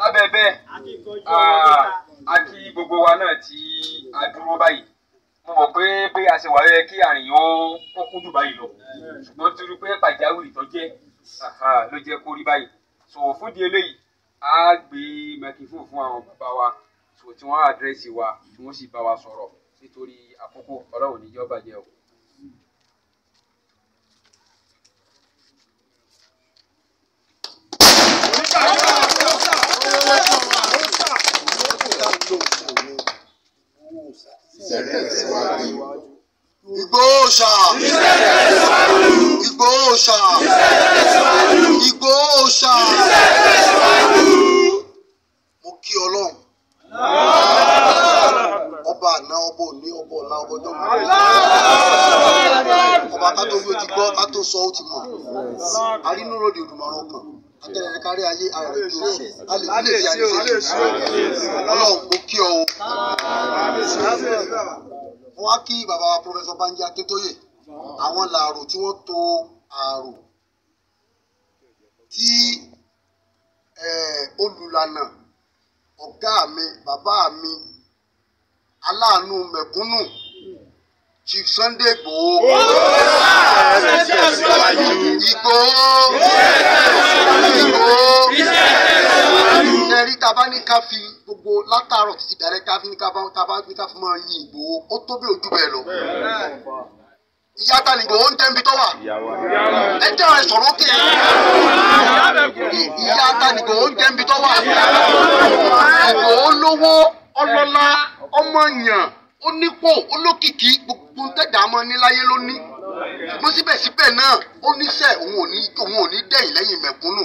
lábẹ́ bẹ́ẹ̀ àti gbogbo wa náà tí a dúró báyìí mo mọ̀ pé bí a ṣe wà yẹ kí àrìn yóò kó kún jù báyìí lọ ṣùgbọ́n torí pé pàjáwìrì tó jẹ́ ló jẹ́ kó báyìí so fún di eléyìí a gbé mẹkìfún fún àwọn bàbá wa so tí wọ́n àdírẹ́sì wa tí wọ́n sì bá wa sọ̀rọ̀ nítorí àkókò ọlọ́run níjọ́ bàjẹ́ o. Thank you. sọ ó ti mọ̀ àrínúròdì òdùmọ̀ràn ọkàn àtẹ̀rẹ̀ kárí ayé ara dúró a lè fi ayé ṣe ọlọ́run kò kí ọ o. wọ́n á kí bàbá wa pọfẹ́sọ Banji Akíntóyè àwọn làárò tí wọ́n to àrò tí olùlànà ọ̀gá mi bàbá mi aláàánú mẹ̀kúnnù. Chief Sunday Igboho. Igboho. Igboho. Ẹ̀rí tàbá ní ká gbogbo látàárọ̀ títí dàrẹ́ ká ní ká tàbá ní ká máa yin Igboho ó tó ojú bẹ́ẹ̀ lọ. Ìyá ni Igboho ń tẹ́ńbi tó wà? Ẹ jẹ́ ọ̀rẹ́ sọ̀rọ̀ kí ẹ. ni Igboho ń tẹ́ńbi tó wà? Igboho lówó ọlọ́lá ọmọ yàn ó nípò ó lókìkí gbogbo ń tẹ̀dá mọ́ níláyé ló ní síbẹ̀síbẹ̀ náà ó níṣẹ́ òun ò ní òun ò ní dẹ̀yìn lẹ́yìn mẹ̀kúnnù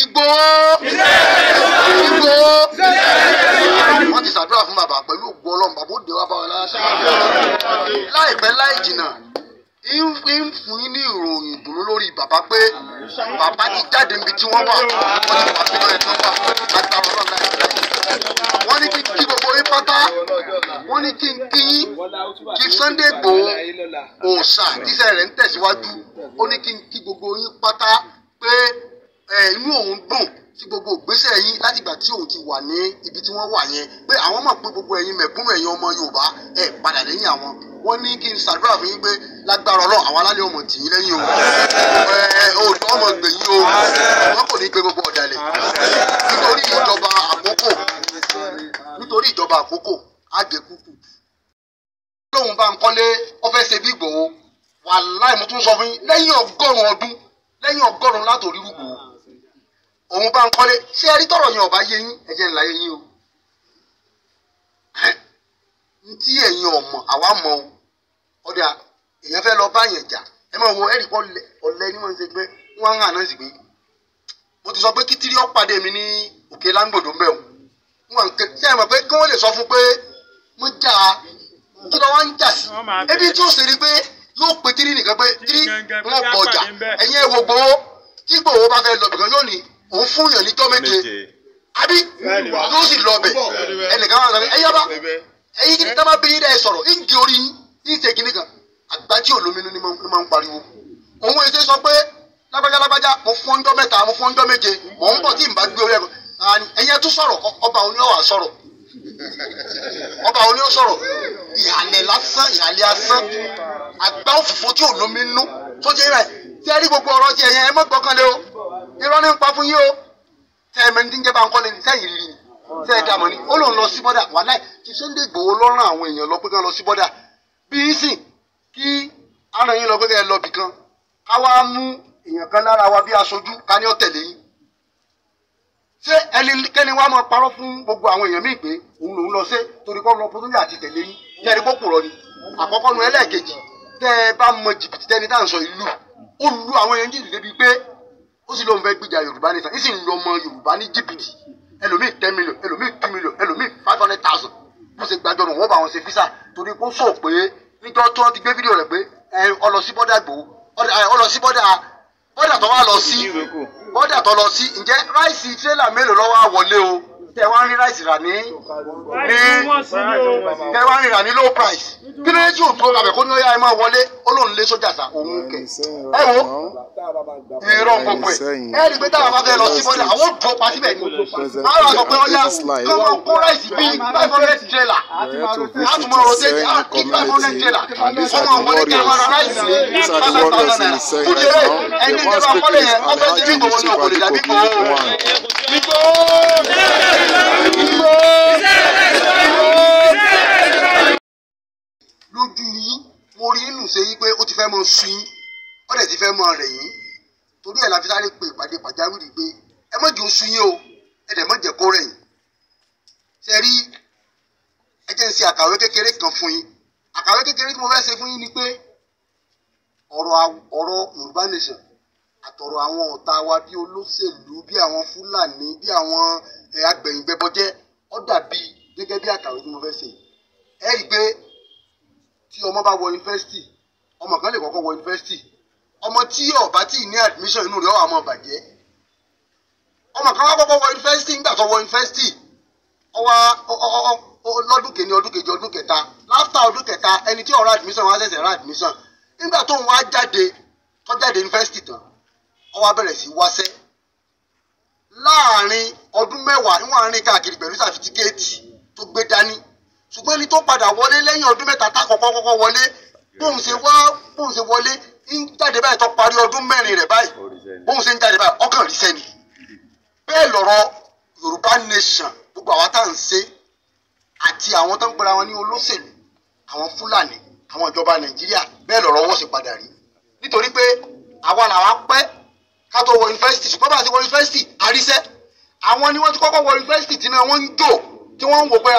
igbó igbó wọ́n ti ṣàdúrà fún bàbá pẹ̀lú ògbó ọlọ́run bàbá ó dé wá bá wa lára láìpẹ́ láì jìnnà ń fún yín ní ìròyìn ìdùnnú lórí bàbá pé bàbá ti jáde níbi tí wọ́n wà wọ́n ti wà sínú ẹ̀ tó wà láti àwọn ọ̀nà ìgbà wọ́n ní kí kí gbogbo yín pátá wọ́n ní kí n kí yín kí Sunday Igboho òòṣà tíṣẹ́ rẹ̀ ń tẹ̀síwájú ó ní kí n kí gbogbo yín pátá pé inú òun dùn tí gbogbo ìgbésẹ̀ yín látìgbà tí òun ti wà ní ibi tí wọ́n wà yẹn pé àwọn mọ̀ pé gbogbo ẹ̀yin mẹ̀kúnnù ẹ̀yin ọmọ Yorùbá ẹ̀ padà lẹ́yìn àwọn wọ́n ní kí n ṣàdúrà fún yín pé lágbára ọlọ́ àwọn alálẹ̀ ọmọ tì í lẹ́yìn o òòtọ́ ọmọ gbẹ̀yìn o wọ́n kò ní gbé gbogbo ọ̀dàlẹ̀ nítorí ìjọba àkókò nítorí ìjọba àkókò àgbẹ̀kúkú lóun bá ń kọ́lé ọfẹ́ ṣe bí Ìgbòho wàláì mo tún sọ fún yín lẹ́yìn ọgọ́rùn-ún ọdún lẹ́yìn ọgọ́rùn-ún látòrí Ìgbòho òun bá ń kọ́lé ṣé ẹ rí tọ̀rọ̀ yẹn ọba yé yín ẹ̀jẹ̀ ńlá yé yín o ntí ẹ̀yin ọ̀mọ̀ àwa mọ̀ o ọ̀dà èèyàn fẹ́ lọ bá yẹn jà ẹ máa wo ẹ̀rì kọ́ ọ̀lẹ́ ní wọ́n ṣe pé wọ́n hàn náà sì pé mo ti sọ pé kí tírí mi ní òkè láńgbòdo ń o wọn kẹ ṣé ẹ mọ̀ pé kí wọ́n lè sọ fún pé mo jà kí lọ́wọ́ ń jà sí ebi tí ó ṣe ni pé yóò pe tírí nìkan pé tírí wọn kọjá ẹ̀yin ẹ̀ wò gbowó tí gbowó bá fẹ́ lọ bìkan yóò ní o fún yàn ní jọ́ méje àbí ló sì lọ bẹ̀ ẹnìkan wà lọ́bẹ̀ ẹ̀yà bá ẹ̀yìn kí ni tá bá bí yín dá ẹ sọ̀rọ̀ ń di orí yín yín ṣe kíní kan àgbájí olóminú ni máa ń pariwo òun èsè sọ pé lágbájá lágbájá mo fún ọjọ́ mẹ́ta mo fún ọjọ́ méje mò ń bọ̀ tí n bá gbé orí ẹ̀kọ́ ẹ̀yẹ tún sọ̀rọ̀ ọba òní ọ̀wà sọ̀rọ̀ ọba òní ọ̀ sọ̀rọ̀ ìhàlẹ̀ lásán ìhàlẹ̀ asán àgbá òfìfo tí olóminú tó jẹ́ rẹ̀ tí gbogbo ọ̀rọ̀ ti ẹ̀yẹ ẹ mọ́ gbọ́kànlé o irọ́ ní ń pa fún yín o tẹ́ ẹ̀mẹ́ni tí ń jẹ́ bá ń kọ́lé ní sẹ́yìn rírì ni sẹ́ ẹ̀dá mọ̀ ni ó lòun lọ sí bọ́dà wàláì tí Sunday Igboho lọ́rùn àwọn èèyàn lọ pé kán lọ sí bọ́dà bí í sìn kí aràn yín lọ pé kẹ́ ẹ lọ bì kan ká wá mú èèyàn kan lára wa bí aṣojú ká ní ọ̀tẹ̀lé yín ṣé ẹnikẹ́ni wa máa parọ́ fún gbogbo àwọn èèyàn míì pé òun lòun lọ sí torí kọ́ lọ pọ́tún àti tẹ̀lé yín tẹ́rí kó kùrọ̀ ni àkọ́kọ́ nu ẹlẹ́ẹ̀kejì tẹ́ ẹ bá mọ jìbìtì tẹ́ni tá ń sọ ìlú ó lu àwọn èèyàn jìbìtì débi pé ó sì lóun fẹ́ gbìjà yorùbá nìsan ìsì ń lọ ọmọ yorùbá ní jìbìtì ẹlòmíì ten million ẹlòmíì two million ẹlòmíì five hundred thousand bó ṣe gbàjọ nù wọ́n bá wọn ṣe físà torí kó sọ pé níjọ́ tó ti gbé fídíò rẹ̀ pé ó lọ sí bọ́dà gbòó ó lọ sí bọ́dà bọ́dà tó wà lọ sí bọ́dà tó lọ sí ǹjẹ́ ráìsì tírélà mélòó ló wá o tẹ wá ń rí ráìsì rà ní ní tẹ wá ń rí rà ní low price kí ló dé tí òun program ẹ̀ kó ní ó ẹ máa wọlé ó lóun lé sójà sá òun kẹ ẹ wo irọ́ gbogbo ẹ̀ ẹ rí i pé táwọn bá fẹ́ lọ sí bọ́dà àwọn ò dúró pa síbẹ̀ ni àwọn àgbọ̀ pé ọ̀yá wọ́n kó ráìsì bíi five hundred trailer láti mọ ọ̀rọ̀ tẹ́lẹ̀ á kí five hundred trailer ọmọ wọlé kí wọ́n ra ráìsì ní five thousand naira kúndé rẹ̀ ẹni tí wọ́n kọ́lé yẹn ọ̀fẹ́ ti ní gbogbo ní òkòlè lójú yín mo rí nínú ṣe yí pé ó ti fẹ́ mọ sú yín ó dẹ̀ ti fẹ́ mọ rẹ̀ yín torí ẹ̀ la fi sáré pé ìpàdé pàjáwìrì pé ẹ má jò sú yín o ẹ dẹ̀ má jẹ́ kó rẹ̀ yín ṣe rí ẹ jẹ́ ń ṣe àkàwé kékeré kan fún yín àkàwé kékeré tí mo fẹ́ ṣe fún yín ni pé ọ̀rọ̀ ọ̀rọ̀ Yorùbá nation àtọ̀rọ̀ àwọn ọ̀tá wa bí olóṣèlú bí àwọn Fúlàní bí àwọn eh, agbẹ̀yìnbẹ̀bọ̀jẹ́ ó dàbí gẹ́gẹ́ bí àkàwé tí mo fẹ́ ṣe ẹ rí i pé tí ọmọ bá wọ yunifásitì ọmọ kan lè kọ́kọ́ wọ yunifásitì ọmọ tí ó bá tí ì ní admission inú rẹ̀ ó wá máa bàjẹ́ ọmọ kan wá kọ́kọ́ wọ yunifásitì nígbà tó wọ yunifásitì ọwá lọ́dún kìíní ọdún kejì ọdún kẹta láfta ọdún kẹta ẹni tí ó ra admission wá ṣẹ̀ṣẹ̀ ra admission nígbà tó ń wá jáde tó jáde yunifásitì tán ó wá bẹ̀rẹ̀ sí wáṣẹ́ láàrin ọdún mẹ́wàá níwọ̀n àárín káàkiri pẹ̀lú sàfitíkéètì tó gbé dání ṣùgbọ́n ẹni tó padà wọlé lẹ́yìn ọdún mẹ́ta tákọ̀kọ́ kọ́kọ́ wọlé bóun ṣe wá bóun ṣe wọlé ń jáde báyìí tó parí ọdún mẹ́rin rẹ̀ báyìí bóun ṣe ń jáde báyìí ọkàn rí sẹ́ni bẹ́ẹ̀ lọ̀rọ̀ Yorùbá nation gbogbo àwa tá à ń ṣe àti àwọn tó ń pera wọn ní olóṣèlú àwọn Fúlàní àwọn ìjọba Nàìjíríà bẹ́ẹ̀ lọ̀rọ̀ wọ́n sì padà rí nítorí pé àwa làwa pẹ́ ká tó wọ yunifásitì ṣùgbọ́n bá a ti wọ yunifásitì àríṣẹ́ àwọn ni wọ́n ti kọ́kọ́ wọ yunifásitì tí náà wọ́n ń jò tí wọ́n ń wò pé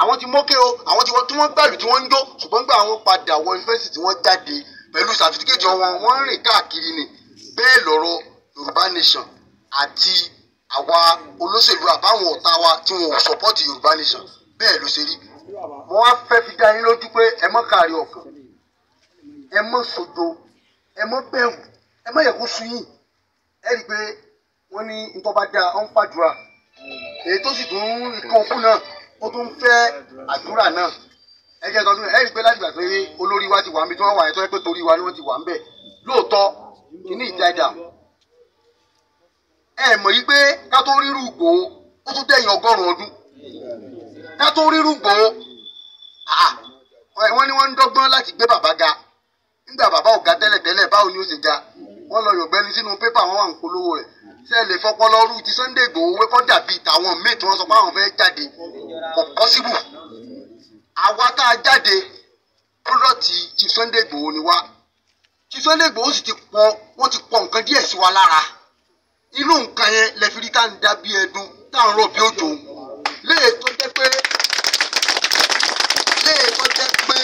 àwọn ti mókè o àwọn ti wọ́n tí wọ́n gbàlù tí wọ́n ń jó ṣùgbọ́n gbà àwọn padà wọ yunifásitì tí wọ́n jáde pẹ̀lú sàfitikẹ́tì wọn wọ́n ń rìn káàkiri ni bẹ́ẹ̀ lọ́rọ̀ Yorùbá Nation àti àwa olóṣèlú àbáwọn ọ̀tá wa tí wọn ò sọ́pọ́tì Yorùbá Nation bẹ́ẹ̀ ló ṣe rí mo wá fẹ́ fi dá yín lójú pé ẹ mọ́ kárí ọ̀fọ̀ ẹ mọ́ sojo ẹ mọ́ bẹ̀rù ẹ mọ́ yẹ kó suyìn ẹ rí i pé wọ́n ní ntọ́ bá dáa ọ́n fàdúrà èyí tó sì tún ń kó kú náà ó tún ń fẹ́ àdúrà náà ẹgbẹ́ kan tún láti gbà pé olórí wa ti wà níbi tí wọ́n wà wa ni wọ́n ti wà ń bẹ̀ lóòótọ́ kìíní ẹ mọ̀ yí pé ká tó ó tún ọgọ́rùn-ún ọdún ká tó wọ́n ní wọ́n ń dọ́gbọ́n ga nígbà bàbá ò ga tẹ́lẹ̀tẹ́lẹ̀ báwo ni ó lọ yọ̀gbẹ́ni sínú pépà wọn wà ń polówó ṣe lè fọpọlọ rú ti Sunday Igboho wé kọ́ dàbí tàwọn míì tí wọ́n sọ pé àwọn fẹ́ jáde kò pọ́síbù àwa tá a jáde pírọ́tì ti Sunday Igboho ni wá ti Sunday Igboho sì ti pọ̀ wọ́n ti pọ̀ nǹkan díẹ̀ sí wa lára inú nǹkan yẹn lẹ́fìrí tá à ń dá bí ẹdun tá à ń rọ̀ bí òjò léè tó jẹ́ pé léè tó jẹ́ pé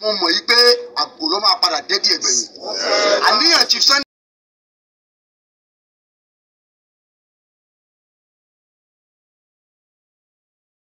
mo mọ̀ yí pé àgbò ló máa padà dé díẹ̀ gbẹ̀yìn.